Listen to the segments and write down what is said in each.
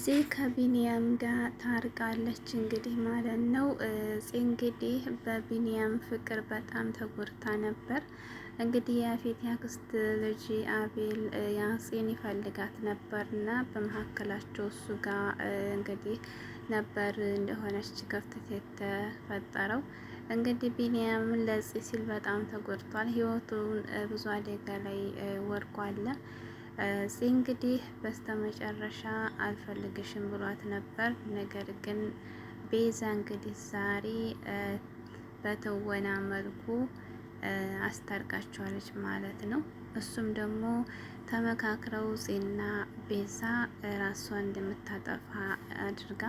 ዜ ከቢንያም ጋር ታርቃለች እንግዲህ ማለት ነው። ዜ እንግዲህ በቢንያም ፍቅር በጣም ተጎድታ ነበር። እንግዲህ የፊት ያክስት ልጅ አቤል ያጼን ይፈልጋት ነበር እና በመካከላቸው እሱ ጋር እንግዲህ ነበር እንደሆነች ክፍተት የተፈጠረው። እንግዲህ ቢንያም ለጽ ሲል በጣም ተጎድቷል። ህይወቱን ብዙ አደጋ ላይ ወድቋል። እዚህ እንግዲህ በስተመጨረሻ አልፈልግሽም ብሏት ነበር። ነገር ግን ቤዛ እንግዲህ ዛሬ በትወና መልኩ አስታርቃቸዋለች ማለት ነው። እሱም ደግሞ ተመካክረው ዜና ቤዛ ራሷን እንደምታጠፋ አድርጋ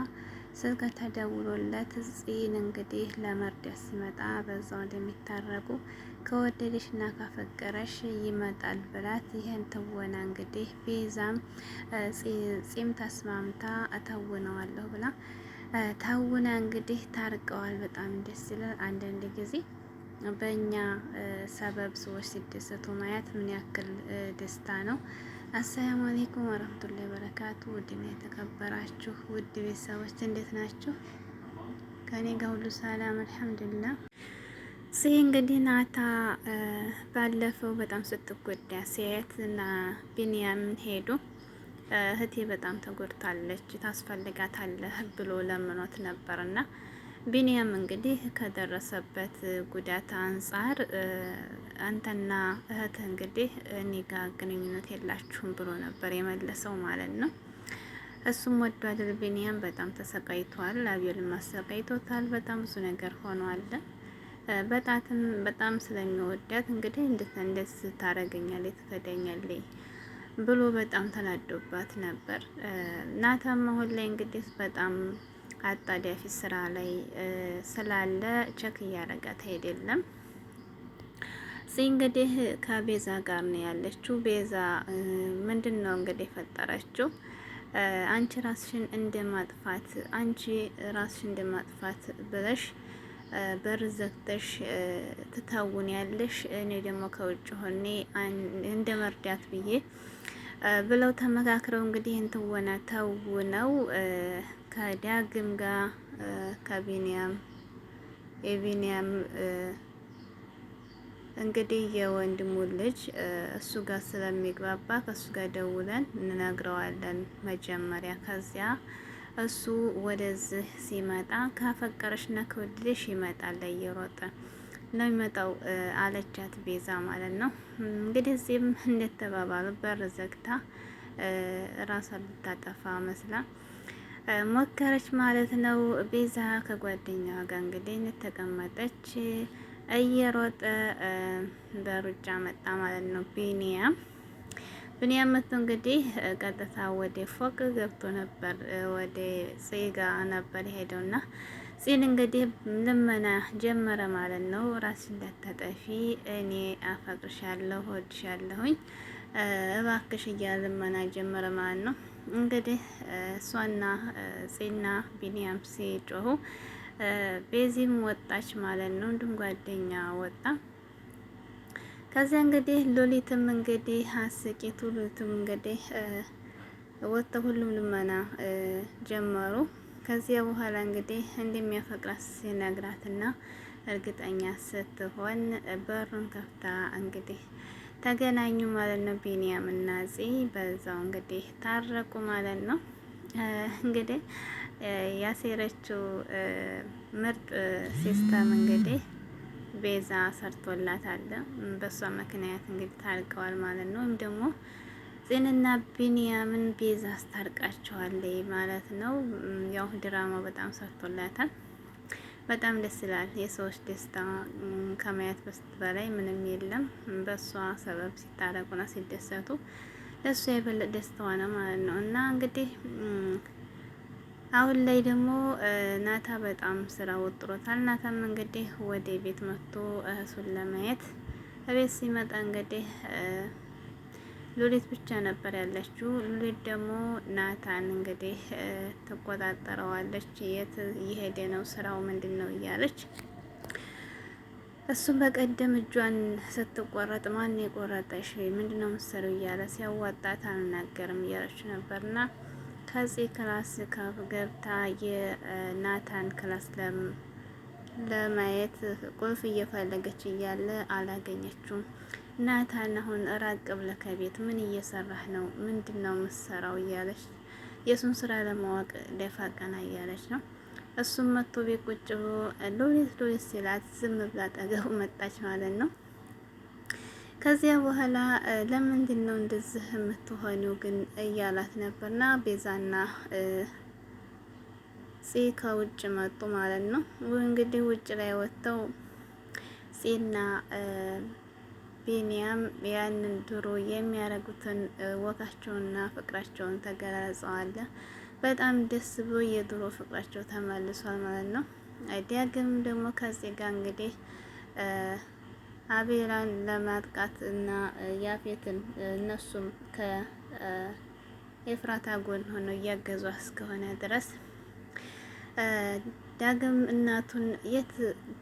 ስልክ ተደውሎለት ጽን እንግዲህ ለመርዳት ሲመጣ በዛው እንደሚታረጉ ከወደደሽ እና ካፈቀረሽ ይመጣል ብላት ይህን ትወና እንግዲህ ቤዛም ጺም ተስማምታ እተውነዋለሁ ብላ ታውና እንግዲህ ታርቀዋል። በጣም ደስ ይላል። አንዳንድ ጊዜ በእኛ ሰበብ ሰዎች ሲደሰቱ ማየት ምን ያክል ደስታ ነው። አሰላሙ አሌይኩም ወረህመቱላሂ በረካቱ ውድና የተከበራችሁ ውድ ቤተሰቦች እንዴት ናችሁ? ከኔ ጋር ሁሉ ሰላም አልሐምዱሊላህ። ይህ እንግዲህ ናታ ባለፈው በጣም ስትጎዳ ሴት እና ቢንያምን ሄዱ እህቴ በጣም ተጎድታለች ታስፈልጋታለህ ብሎ ለምኖት ነበርና ቢንያም እንግዲህ ከደረሰበት ጉዳት አንጻር አንተና እህት እንግዲህ እኔ ግንኙነት የላችሁም ብሎ ነበር የመለሰው ማለት ነው። እሱም ወዶ አይደል ቢንያም በጣም ተሰቃይቷል። አብዮልም አሰቃይቶታል። በጣም ብዙ ነገር ሆኗል። በጣትም በጣም ስለሚወዳት እንግዲህ እንዴት እንደዚህ ታረገኛለች ትከዳኛለች ብሎ በጣም ተናዶባት ነበር። ናታም አሁን ላይ እንግዲህ በጣም አጣዳፊ ስራ ላይ ስላለ ቸክ እያረጋት አይደለም። እዚህ እንግዲህ ከቤዛ ጋር ነው ያለችው። ቤዛ ምንድን ነው እንግዲህ የፈጠረችው አንቺ ራስሽን እንደማጥፋት አንቺ ራስሽን እንደማጥፋት ብለሽ በር ዘግተሽ ትታውን ያለሽ እኔ ደግሞ ከውጭ ሆኔ እንደ መርዳት ብዬ ብለው ተመካክረው እንግዲህ እንትወና ተው ነው ከዳግም ጋር ከቢኒያም የቢኒያም እንግዲህ የወንድሙ ልጅ እሱ ጋር ስለሚግባባ ከእሱ ጋር ደውለን እንነግረዋለን መጀመሪያ። ከዚያ እሱ ወደዚህ ሲመጣ ካፈቀረሽ እና ከወደደሽ ይመጣል፣ ላይ እየሮጠ ነው የሚመጣው አለቻት ቤዛ ማለት ነው። እንግዲህ እዚህም እንደተባባሉ በር ዘግታ ራሷን ልታጠፋ መስላ ሞከረች ማለት ነው። ቤዛ ከጓደኛዋ ጋር እንግዲህ ተቀመጠች። እየሮጠ በሩጫ መጣ ማለት ነው ቢኒያም ብንያም መጥቶ እንግዲህ ቀጥታ ወደ ፎቅ ገብቶ ነበር። ወደ ጽጋ ነበር ሄደውና ጽን እንግዲህ ልመና ጀመረ ማለት ነው። ራስ እንዳታጠፊ እኔ አፈቅርሻለሁ፣ እወድሻለሁኝ እባክሽ እያ ልመና ጀመረ ማለት ነው። እንግዲህ እሷና ዜና ቢኒያም ሲጮሁ ቤዚም ወጣች ማለት ነው። እንዲሁም ጓደኛ ወጣ። ከዚያ እንግዲህ ሎሊትም እንግዲህ አስቂቱ ሎሊትም እንግዲህ ወጥተው ሁሉም ልመና ጀመሩ። ከዚያ በኋላ እንግዲህ እንደሚያፈቅራት ሲነግራትና እርግጠኛ ስትሆን በሩን ከፍታ እንግዲህ ተገናኙ ማለት ነው። ቢኒያም እና ጺ በዛው እንግዲህ ታረቁ ማለት ነው። እንግዲህ ያሴረችው ምርጥ ሲስተም እንግዲህ ቤዛ ሰርቶላታል። በሷ ምክንያት እንግዲህ ታርቀዋል ማለት ነው። ወይም ደግሞ ጺንና ቢኒያምን ቤዛ አስታርቃቸዋለች ማለት ነው። ያው ድራማው በጣም ሰርቶላታል። በጣም ደስ ይላል። የሰዎች ደስታ ከማየት በላይ ምንም የለም። በእሷ ሰበብ ሲታረቁና ሲደሰቱ ለእሷ የበለጠ ደስታ ሆነ ማለት ነው እና እንግዲህ አሁን ላይ ደግሞ ናታ በጣም ስራ ወጥሮታል። ናታም እንግዲህ ወደ ቤት መጥቶ እህሱን ለማየት ቤት ሲመጣ እንግዲህ ሉሊት ብቻ ነበር ያለችው። ሉሊት ደግሞ ናታን እንግዲህ ትቆጣጠረዋለች። የት እየሄደ ነው? ስራው ምንድን ነው? እያለች እሱም በቀደም እጇን ስትቆረጥ ማን የቆረጠሽ ምንድን ነው ምሰሩ እያለ ሲያዋጣት አልናገርም እያለች ነበርና ከዚህ ክላስ ካፍ ገብታ የናታን ክላስ ለማየት ቁልፍ እየፈለገች እያለ አላገኘችውም። ናታን አሁን ራቅ ብለህ ከቤት ምን እየሰራህ ነው? ምንድን ነው የምትሰራው? እያለች የእሱን ስራ ለማወቅ ደፋ ቀና እያለች ነው። እሱም መጥቶ ቤት ቁጭ ብሎ ሎሌት ሎሌት ሲላት ዝም ብላ አጠገቡ መጣች ማለት ነው። ከዚያ በኋላ ለምንድን ነው እንደዚህ የምትሆኒው ግን እያላት ነበርና ቤዛና ፂ ከውጭ መጡ ማለት ነው። እንግዲህ ውጭ ላይ ወጥተው ፂና ቢኒያም ያንን ድሮ የሚያደርጉትን ወጋቸውና ፍቅራቸውን ተገላጸዋል። በጣም ደስ ብሎ የድሮ ፍቅራቸው ተመልሷል ማለት ነው። ዳግም ደግሞ ከዚህ ጋር እንግዲህ አቤላን ለማጥቃት እና ያፌትን እነሱም ከኤፍራታ ጎን ሆነው እያገዟ እስከሆነ ድረስ ዳግም እናቱን የት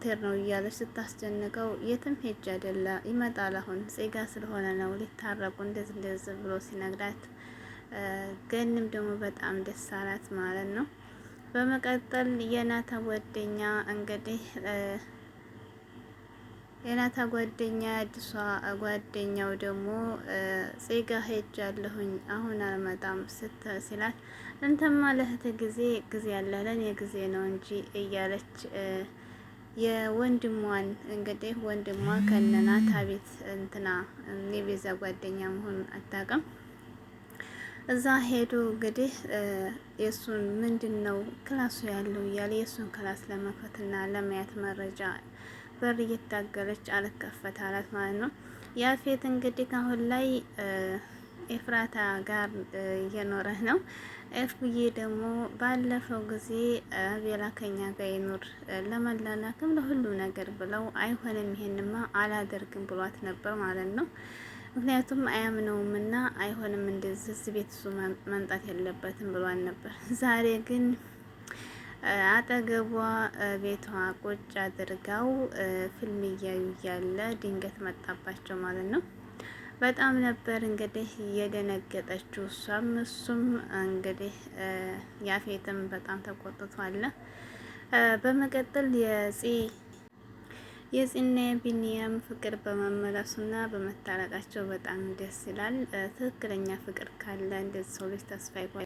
ትር ነው እያለች ስታስጨንቀው የትም ሄጅ አይደለ ይመጣል፣ አሁን ጼጋ ስለሆነ ነው ሊታረቁ እንደዚህ እንደዚህ ብሎ ሲነግራት ገንም ደግሞ በጣም ደስ አላት ማለት ነው። በመቀጠል የናታ ጓደኛ እንግዲህ የናታ ጓደኛ አዲሷ ጓደኛው ደግሞ ጼጋ ሄጅ አለሁኝ አሁን አልመጣም ስት ሲላት እንተማ ለእህት ጊዜ ጊዜ ያለ ለእኔ ጊዜ ነው እንጂ እያለች የወንድሟን እንግዲህ ወንድሟ ከነናታ ቤት እንትና የቤዛ ጓደኛ መሆኑን አታውቅም። እዛ ሄዱ እንግዲህ የእሱን ምንድን ነው ክላሱ ያለው እያለ የእሱን ክላስ ለመክፈትና ለማየት መረጃ በር እየታገለች አልከፈት አላት ማለት ነው። ያፌት እንግዲህ ካሁን ላይ ኤፍራታ ጋር እየኖረ ነው። ኤፍዬ ደግሞ ባለፈው ጊዜ አቤላ ከኛ ጋር ይኑር ለመላላክም ለሁሉ ነገር ብለው አይሆንም ይሄንማ አላደርግም ብሏት ነበር ማለት ነው። ምክንያቱም አያምነውም እና አይሆንም እንደዚህ ቤት እሱ መምጣት የለበትም ብሏን ነበር። ዛሬ ግን አጠገቧ ቤቷ ቁጭ አድርጋው ፊልም እያዩ እያለ ድንገት መጣባቸው ማለት ነው። በጣም ነበር እንግዲህ እየደነገጠችው እሷም እሱም እንግዲህ ያፌትም በጣም ተቆጥቷል። በመቀጠል የጽ የጽና የቢኒያም ፍቅር በመመለሱና በመታረቃቸው በጣም ደስ ይላል። ትክክለኛ ፍቅር ካለ እንደዚህ ሰው ልጅ ተስፋ